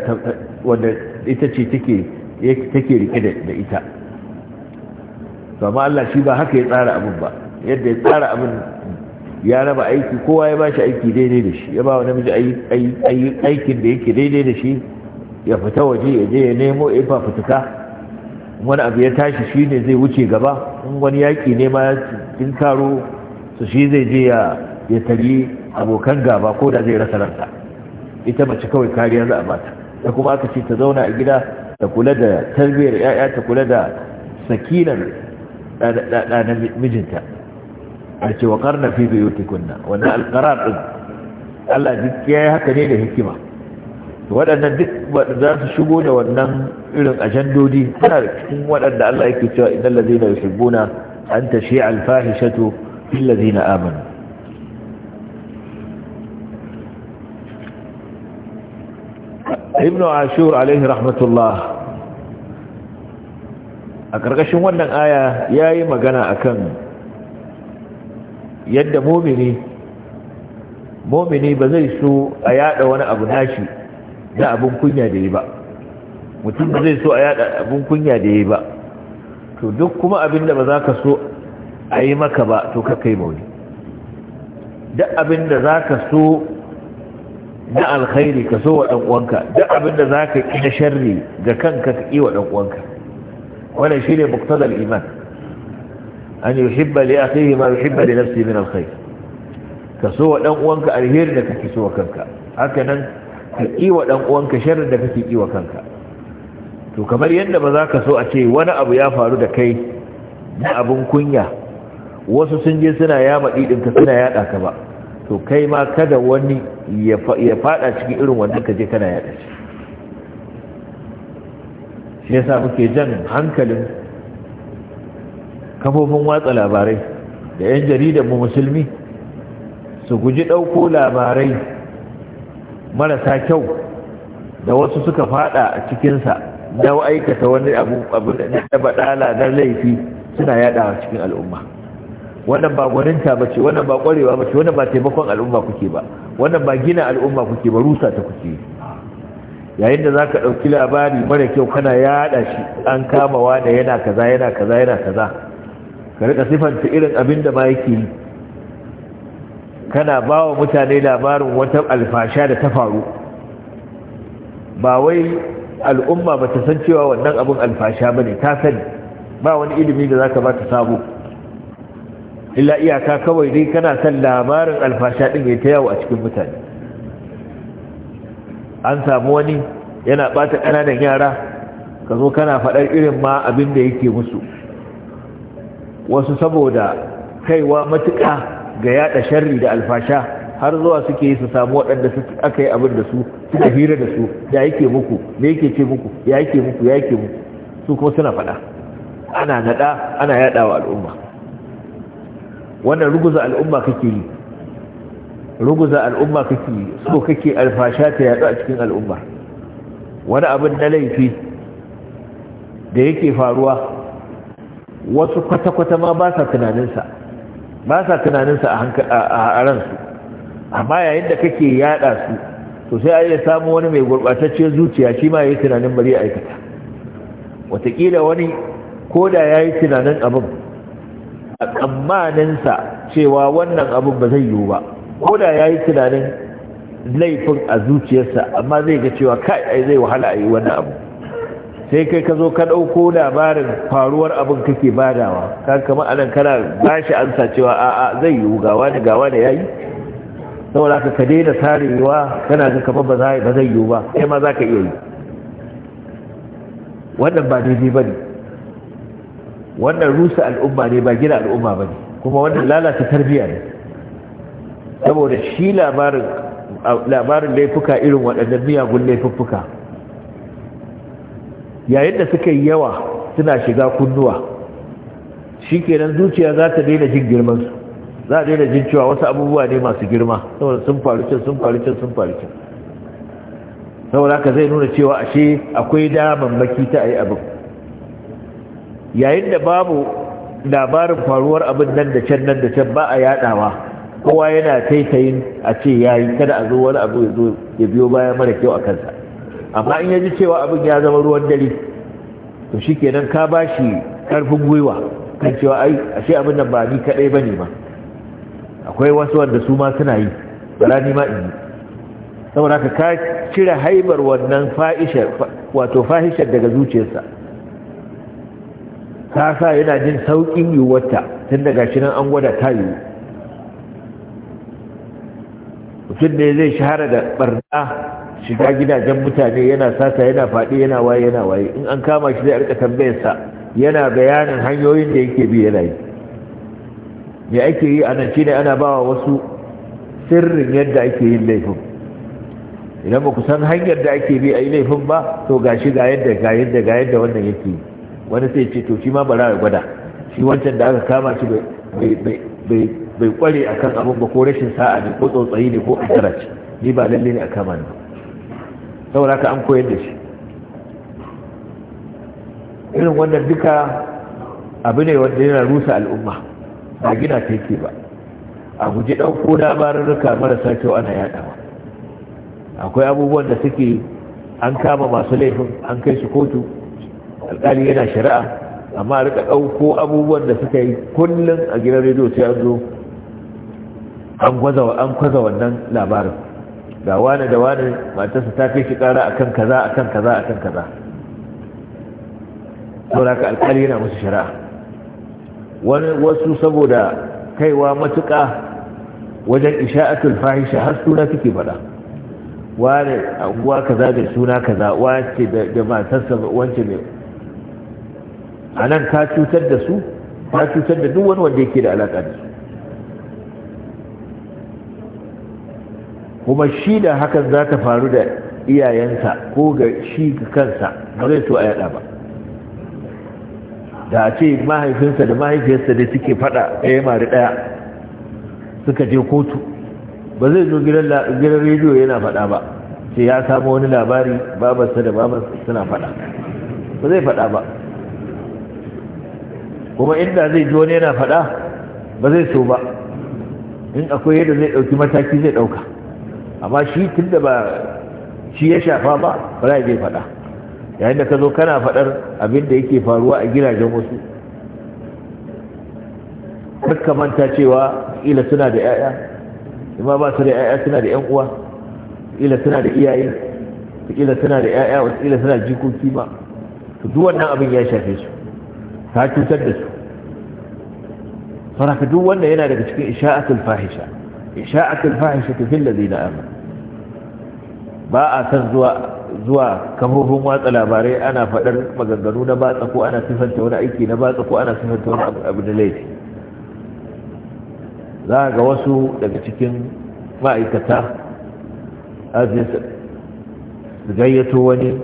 wanda ita ce take rike da ita to Allah shi ba haka ya tsara abin ba yadda ya tsara abin ya raba aiki kowa ya ba shi aiki daidai da shi ya ba wa namiji aikin da yake daidai da shi ya fita waje ya je ya nemo ya fafutuka wani abu ya tashi shi ne zai wuce gaba in wani yaƙi ne ma in taro su shi zai je ya tari abokan gaba ko da zai rasa ranta ita mace kawai kariya za a bata ta kuma aka ce ta zauna a gida ta kula da tarbiyyar 'ya'ya ta kula da sakinar ɗanen mijinta a ce wa karna fi biyu tukunna wannan alƙarar ɗin Allah ya yi haka ne da hikima waɗannan duk za su shigo da wannan irin ajandodi suna da cikin waɗanda Allah yake cewa idan lazina yuhibbuna an tashi alfahishatu fil lazina amanu ibnu ashur alaihi rahmatullah a ƙarƙashin wannan aya ya yi magana akan yadda momini momini ba zai so a yada wani abu nashi na abin kunya da yi ba mutum da zai so a yada abin kunya da yi ba to duk kuma abin da ba za ka so a yi maka ba to ka kai mauli duk abin da za ka so na alkhairi ka so wa dan uwanka duk abin da za ka ƙi na sharri ga kanka ka ƙi wa dan uwanka wannan shi ne muktadar iman an yi hibba li akhihi ma yuhibba li nafsi min alkhair ka so wa dan uwanka alheri da kake so wa kanka haka nan ka kiwa dan uwanka sharrin da kake kiwa kanka to kamar yadda ba za ka so a ce wani abu ya faru da kai na abun kunya wasu sun je suna yama ɗiɗinka suna yada ka ba to kai ma kada wani ya faɗa cikin irin wannan ka je kana yada shi shi yasa muke jan hankalin kafofin watsa labarai da 'yan jaridar mu musulmi su guji ɗauko labarai marasa kyau da wasu suka fada a cikinsa na aikata wani abu da baɗala na laifi suna yada a cikin al'umma wannan ba gwaninta ba ce wannan ba ƙwarewa ba ce wannan ba taimakon al'umma kuke ba wannan ba gina al'umma kuke ba rusa ta kuke yayin da za ka ɗauki labari mara kyau kana yada shi an kama da yana kaza yana kaza yana kaza ka rika sifanta irin abin da ma yake yi kana ba wa mutane labarin wata alfasha da ta faru ba wai al'umma ba ta san cewa wannan abin alfasha ba ne ta sani ba wani ilimi da za ka ba ta sabo illa iyaka kawai dai kana san labarin alfasha ɗin ya ta yawo a cikin mutane an samu wani yana ɓata ƙananan yara ka zo kana faɗar irin ma abin da yake musu wasu saboda kaiwa matuƙa ga yada sharri da alfasha har zuwa suke yi su samu waɗanda aka yi abin da su suka hira da su ya yake muku me yake ce muku ya yake muku ya yake muku su kuma suna faɗa ana naɗa ana yada wa al'umma wannan ruguza al'umma kake yi ruguza al'umma kake yi so kake alfasha ta yadu a cikin al'umma wani abin na laifi da yake faruwa wasu kwata-kwata ma ba sa tunaninsa ba sa tunaninsa a su amma yayin da kake yada su to sai a iya samu wani mai gurbatacciyar zuciya shi ma ya tunanin bari aikata watakila wani ko da ya yi tunanin abin a tsammaninsa cewa wannan abin ba zai yiwu ba ko da ya yi tunanin laifin a zuciyarsa amma zai ga cewa kai ai zai wahala a yi wannan abu sai kai ka zo ka ɗauko labarin faruwar abin kake badawa ka kama anan kana ba shi amsa cewa a'a zai yiwu gawa da gawa da yayi saboda ka ka daina tarewa kana ga kamar ba ba zai yiwu ba kai ma za ka iya yi wannan ba daidai ba ne wannan rusa al'umma ne ba gina al'umma ba ne kuma wannan lalata tarbiyya ne saboda shi labarin labarin laifuka irin waɗannan miyagun laifuffuka yayin da suka yi yawa suna shiga kunnuwa shi kenan zuciya za ta daina jin girmansu za a daina jin cewa wasu abubuwa ne masu girma saboda sun faru can sun faru can sun faru can saboda ka zai nuna cewa ashe akwai daman maki ta ayi abin yayin da babu labarin faruwar abin nan da can nan da can ba a yadawa kowa yana taitayin a ce yayi kada a zo wani abu ya biyo baya mara kyau a kansa amma in ya ji cewa abin ya zama ruwan dare to shi ka bashi shi ƙarfin gwiwa kan cewa ai ashe abin nan ba ni kaɗai ba ne ba akwai wasu wanda su ma suna yi bara ni ma in saboda ka ka cire haibar wannan fahishar wato fa'ishar daga zuciyarsa ka sa yana jin sauƙin yiwuwarta tun daga shi nan an gwada ta yiwu mutum ne zai shahara da barna shiga gidajen mutane yana sata yana faɗi yana waye yana waye in an kama shi zai arka tambayar sa yana bayanin hanyoyin da yake bi yana yi me ake yi a nan shi ne ana bawa wasu sirrin yadda ake yin laifin idan ba ku san hanyar da ake bi a yi laifin ba to ga shi ga yadda ga yadda ga yadda wannan yake yi wani sai ce to shi ma bara ya gwada shi wancan da aka kama shi bai bai kware a kan abin ba ko rashin sa'a ne ko tsotsayi ne ko asara ni ba lalle ne a kama ne saboda ka an koyar da shi irin wannan duka abu ne wanda yana rusa al'umma ba gina ta yake ba a guji ɗauko barurruka marasa kyau ana yaɗawa akwai abubuwan da suke an kama masu laifin an kai su kotu alƙali yana shari'a amma a rika ɗauko abubuwan da suka yi kullum a gidan rediyo sai an zo an gwaza an kwaza wannan labarin ga wani da wani matarsa ta kai shi kara akan kaza akan kaza akan kaza saboda ka alƙali yana musu shari'a wani wasu saboda kaiwa matuƙa wajen isha'atul fahisha har suna suke faɗa wani anguwa kaza da suna kaza wace da matarsa wance ne a nan ka cutar da su ka cutar da duk wani wanda yake da alaƙa da su kuma shi da hakan za ta faru da iyayensa ko ga shi ga kansa ba zai so a yada ba da a ce mahaifinsa da mahaifiyarsa da suke fada yi mari ɗaya suka je kotu ba zai zo gidan rediyo yana fada ba sai ya samu wani labari babarsa da babarsa suna fada ba zai fada ba kuma inda zai ji wani yana fada ba zai so ba in akwai yadda zai ɗauki mataki zai ɗauka amma shi tun da ba shi ya shafa ba ba zai faɗa yayin da ka zo kana faɗar abin da yake faruwa a gidajen wasu ka manta cewa ila suna da 'ya'ya amma ba su da 'ya'ya suna da 'yan uwa ila suna da iyaye ila suna da 'ya'ya ila suna jikoki ba to duk wannan abin ya shafe su ta cutar da su saraka duk wannan yana daga cikin isha'atul fahisha isha'at al-fahishatu fil ladina amanu ba a san zuwa zuwa kafofin watsa labarai ana faɗar maganganu na batsa ko ana sifanta wani aiki na batsa ko ana sifanta wani abu da laifi za ga wasu daga cikin ma'aikata aziz su gayyato wani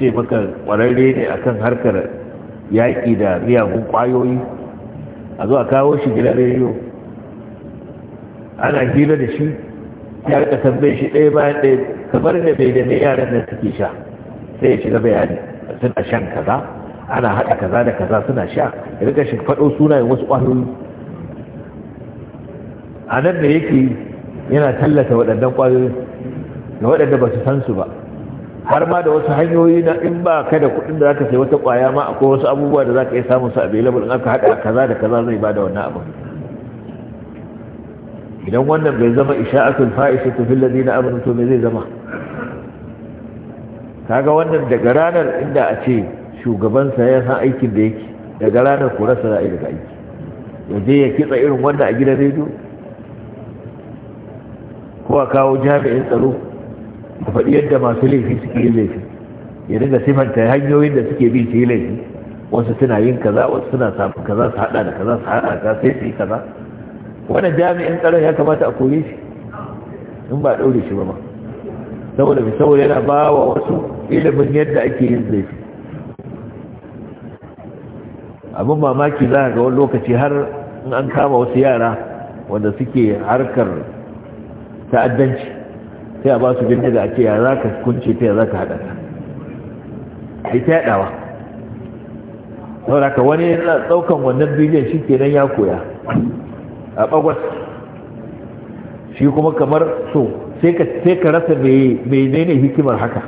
ce maka kwararre ne akan harkar yaƙi da miyagun ƙwayoyi a zuwa kawo shi gidan rediyo ana hira da shi ya rika tambaye shi ɗaya bayan ɗaya kamar da bai da mai yaran da suke sha sai ya shiga bayani suna shan kaza ana haɗa kaza da kaza suna sha ya rika shi faɗo sunayen wasu ƙwayoyi a nan da yake yana tallata waɗannan ƙwayoyi da waɗanda ba su san su ba har ma da wasu hanyoyi na in ba ka da kuɗin da zaka sai wata ƙwaya ma akwai wasu abubuwa da zaka iya samun su a available in aka haɗa kaza da kaza zai ba da wannan abin idan wannan bai zama isha'atul fa'ishatu fil ladina amanu to me zai zama kaga wannan daga ranar inda a ce shugaban sa ya san aikin da yake daga ranar kurasa za a daga aiki ya ya kitsa irin wannan a gidan rediyo ko a kawo jami'in tsaro a faɗi yadda masu laifi suke yin laifi ya dinga sifanta hanyoyin da suke bi su yi laifi wasu suna yin kaza wasu suna samun kaza su haɗa da kaza su haɗa da sai su yi kaza wani jami'in tsaron ya kamata a kore shi in ba ɗaure shi ba ma saboda mai saboda yana ba wa wasu ilimin yadda ake yin laifi abin mamaki za a ga wani lokaci har in an kama wasu yara wanda suke harkar ta'addanci sai a ba su bindiga a ake yara za ka kunce ta ya za ka haɗa ta ita yaɗawa saboda ka wani ɗaukan wannan bidiyon shi kenan ya koya a ɓagwas shi kuma kamar so sai ka sai ka rasa hikimar haka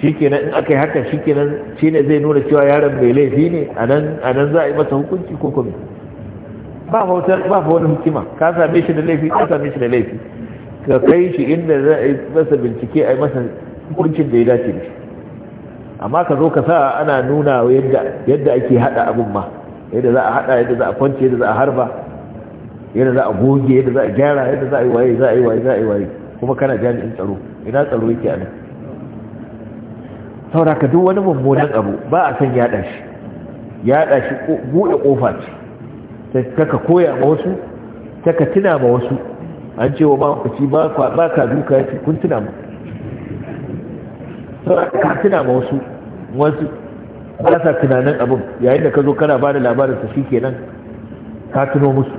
shikenan in aka yi haka shikenan shine zai nuna cewa yaron mai laifi ne a nan za a yi masa hukunci ko kuma ba wata ba wani hikima ka same shi da laifi ka same shi da laifi ka kai shi inda za a yi masa bincike a yi masa hukuncin da ya dace da shi amma ka zo ka sa ana nuna yadda yadda ake hada abun ma yadda za a hada yadda za a kwance yadda za a harba yadda za a goge yadda za a gyara yadda za a yi waye za a yi waye za a yi waye kuma kana jami'in tsaro ina tsaro yake a nan saboda ka duk wani mummunan abu ba a san yaɗa shi yaɗa shi buɗe ƙofa ce ta ka koya ma wasu ta ka tuna ma wasu an cewa ba ku ci ba ka duka ya ce kun tuna ma saboda ka tuna ma wasu wasu ba sa tunanin abin yayin da ka zo kana ba da labarin su shi kenan ka tuno musu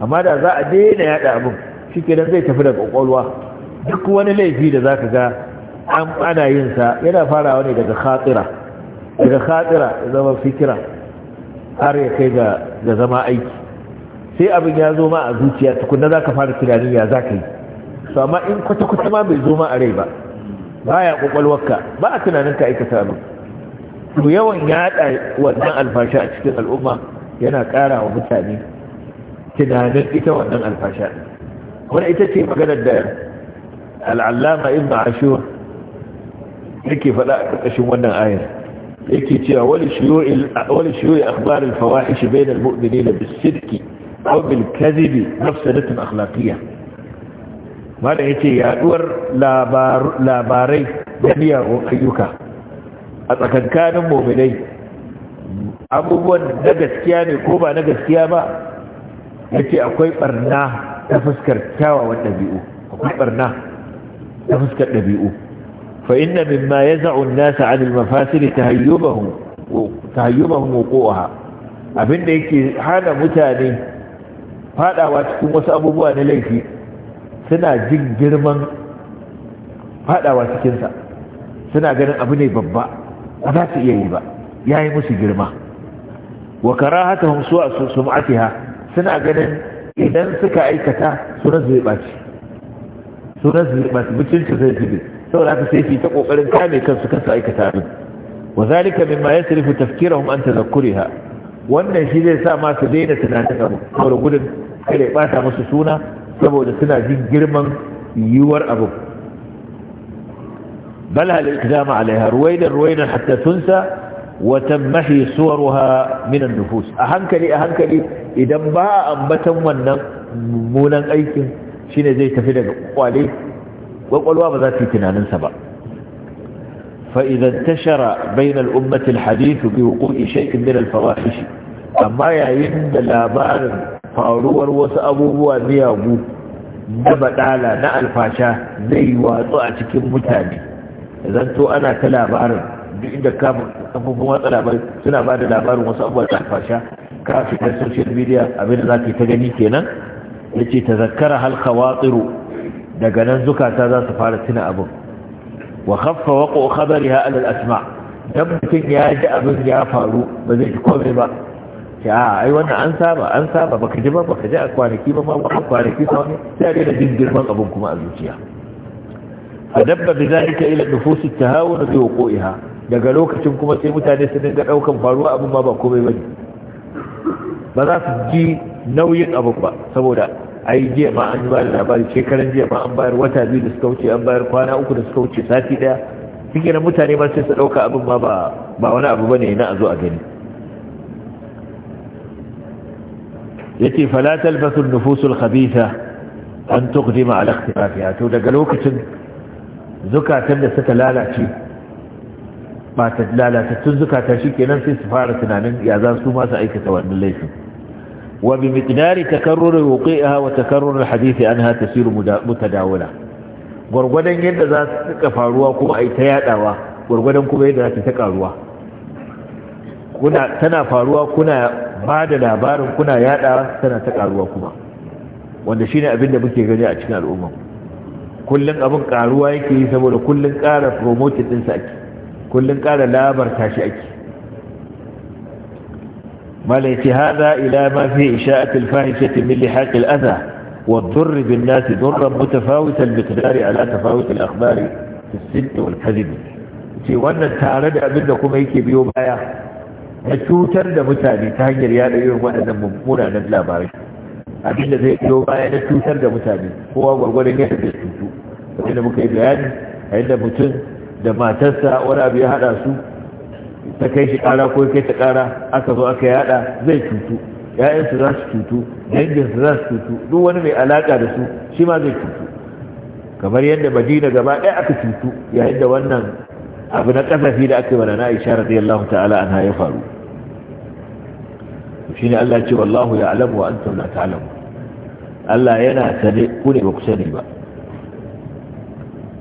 amma da za a daina yada abin shi kenan zai tafi da kwakwalwa duk wani laifi da za ka ga an ana yin sa yana farawa ne daga khatira daga khatira ya zama fikira har ya kai ga zama aiki sai abin ya zo ma a zuciya tukuna za ka fara tunanin ya za ka yi su amma in kwata-kwata ma bai zo ma a rai ba Ba baya kwakwalwarka ba a tunanin ka aikata abin to yawan yaɗa wannan alfashi a cikin al'umma yana kara wa mutane كدانا يتوانا الفاشا هنا يتكي مقال الدائم العلامة ابن عشور يكي فلا أشمونا آية يكي تيا ولشيوع أخبار الفواحش بين المؤمنين بالصدق أو بالكذب نفس نت أخلاقية ماذا يتي يا أور لا باري جميع أيوكا أتكن كانوا مؤمنين abubuwan na gaskiya ne ko ba na yace akwai barna ta fuskar kyawawan ɗabi'u akwai barna ta fuskar ɗabi'u fa inna mimma yaz'u an-nas 'an al-mafasid tahayyubahum tahayyubuhum wuqu'aha abinda yake hana mutane fadawa cikin wasu abubuwa na laifi suna jin girman fadawa cikin sa suna ganin abu ne babba ba za su iya yi ba yayi musu girma wa karahatuhum su'a sum'atiha suna ganin idan suka aikata sunan su zai ɓaci sunan zai ɓaci mutunci zai zube saboda haka sai fita ta ƙoƙarin kame kansu kansu aikata abin wa zalika mimma yasrifu tafkirahum an tadhakkuriha wannan shi zai sa ma su daina tunanin abu saboda gudun kare ɓata musu suna saboda suna jin girman yiwuwar abu bal hal ikdama alaiha ruwaidan ruwaidan hatta tunsa watammahi suwaruha min an-nufus a hankali a hankali idan ba ambatan wannan munan aikin shine zai tafi daga kwale kwakwalwa ba za su yi tunanin sa ba fa'idan idan tashara bain al-ummati al-hadith bi wuqu'i shay'in min amma yayin da labarin faruwar wasu abubuwa miyagu na badala na alfasha zai yi watsu a cikin mutane zanto ana ta labarin duk inda kamun kafofin watsa labarai suna ba da labarin wasu abubuwa da fasha ka fitar social media abin da za ka yi ta gani kenan ya ce ta zakara halka watsiro daga nan zukata za su fara tuna abin wa khaffa waqo khabariha ala al-asma dan mutum ya ji abin ya faru ba zai ji komai ba ce a ai wannan an saba an saba baka ji ba baka ji a kwanaki ba ma ba kwanaki sau ne sai da jin girman abin kuma a zuciya فدب بذلك إلى النفوس التهاون في وقوعها daga lokacin kuma sai mutane su dinga daukan faruwa abin ma ba komai bane ba za su ji nauyin abin ba saboda ai jiya ma an ba da labari shekaran jiya ma an bayar wata biyu da suka wuce an bayar kwana uku da suka wuce sati daya cikin na mutane ma sai su dauka abin ma ba wani abu bane na a zo a gani yace falatal talbasu nufusul khabitha an tuqdima ala ikhtilafiha to daga lokacin zukatan da suka lalace ba ta lalatattun zukata shi kenan sai su fara tunanin ya za su masu aikata wannan laifin wa bi miqdari takarrur wuqi'iha wa takarrur alhadith anha tasiru mutadawila gurgudan yadda za su tuka faruwa kuma ai ta yadawa gurgudan kuma yadda za ta karuwa kuna tana faruwa kuna ba da labarin kuna yadawa tana ta karuwa kuma wanda shine abin da muke gani a cikin al'umma kullun abin karuwa yake saboda kullun ƙara promoting din sa ake kullun ƙara labarta shi ake malaiti hada ila ma fi isha'atil fahishati min lihaqil adha wa dhurr bin nas dhurran mutafawita al miqdari ala tafawut al akhbari fi sidd wal kadhib ce wannan tare da abinda kuma yake biyo baya ya cutar da mutane ta hanyar ya yaɗa irin waɗannan mummunan labarai abinda zai biyo baya ya cutar da mutane kowa gurgurin ya zai cutu wanda muka yi bayani a yadda mutum da matarsa wani abu ya haɗa su ta kai shi ƙara ko kai ta ƙara aka zo aka yaɗa zai cutu ya'yansu za su cutu danginsu za su cutu duk wani mai alaƙa da su shi ma zai cutu kamar yadda madina gaba ɗaya aka cutu yayin da wannan abu na ƙasafi da aka yi wa na aisha radiyallahu ta'ala anha ya faru shi ne Allah ce wallahu ya alamu wa antum la ta'lamu Allah yana sane ku ne ba ku sani ba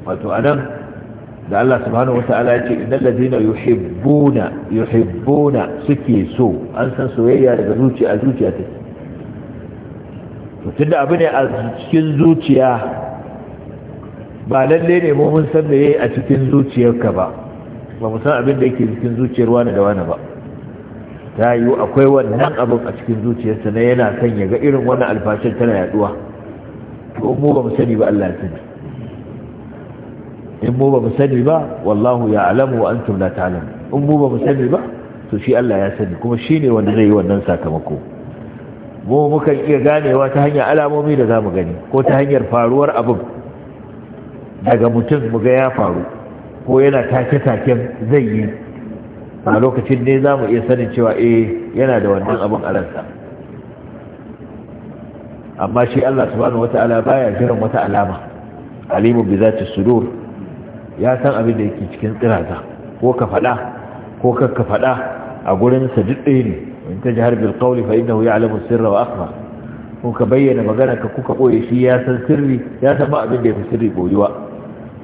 wato anan da Allah subhanahu wata'ala ya ce innal ladina yuhibbuna yuhibbuna suke so an san soyayya daga zuciya a zuciya ta tun da abu ne a cikin zuciya ba lalle ne mu mun san da yayi a cikin zuciyarka ba ba mu san abin da yake cikin zuciyar wani da wani ba ta yiwu akwai wannan abin a cikin zuciyarsa na yana son ya ga irin wannan alfashin tana yaduwa to mu ba mu sani ba Allah ya sani in mu ba mu sani ba wallahu ya alamu wa antum la ta'lamu in mu ba mu sani ba to shi Allah ya sani kuma shine wanda zai yi wannan sakamako mu mukan iya ganewa ta hanyar alamomi da zamu gani ko ta hanyar faruwar abu daga mutum mu ga ya faru ko yana take take zai yi a lokacin ne zamu iya sanin cewa eh yana da wannan abun a ransa amma shi Allah subhanahu wata'ala baya jiran wata alama alimu bi zati sudur ya san abin da yake cikin tsirata ko ka faɗa ko ka faɗa a gurin sa duk ɗaya ne in ta jihar bil qawli fa innahu ya'lamu sirra wa akhfa ko ka bayyana magana ka kuka boye shi ya san sirri ya san ba abin da fi sirri boyuwa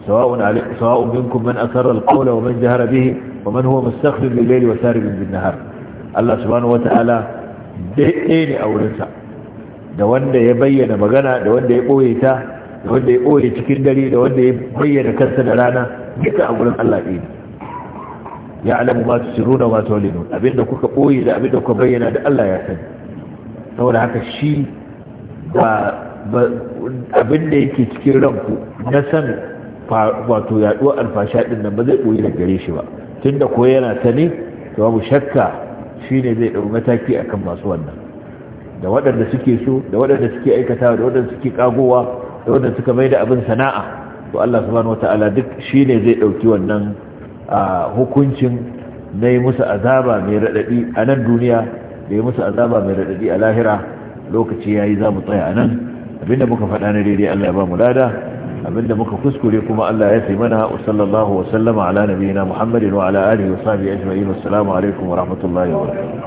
sawa'un alaikum sawa'un minkum man asarra wa man jahara bihi wa man huwa mustakhfin bil layli wa saribun bin nahar Allah subhanahu wata'ala dai ne a wurin sa da wanda ya bayyana magana da wanda ya boye ta da wanda ya ɓoye cikin dare da wanda ya bayyana kansa da rana duka a gurin Allah ɗaya ya alamu masu da masu walinu abinda kuka ɓoye da abinda kuka bayyana da Allah ya sani saboda haka shi ba abinda yake cikin ranku na san wato yaɗuwar alfasha ɗin nan ba zai ɓoye da gare shi ba tunda ko yana sani to babu shakka shi ne zai ɗau mataki akan masu wannan da waɗanda suke so da waɗanda suke aikatawa da waɗanda suke kagowa da suka mai da abin sana'a to Allah subhanahu wata'ala duk shi ne zai ɗauki wannan hukuncin na yi musu azaba mai radadi a nan duniya da yi musu azaba mai raɗaɗi a lahira lokaci ya yi za mu tsaya a nan abinda muka faɗa na daidai Allah ya ba mu lada abinda muka kuskure kuma Allah ya sai mana wa sallallahu wa sallama ala nabiyina Muhammadin wa ala alihi wa sahbihi ajma'in assalamu alaikum wa rahmatullahi wa barakatuh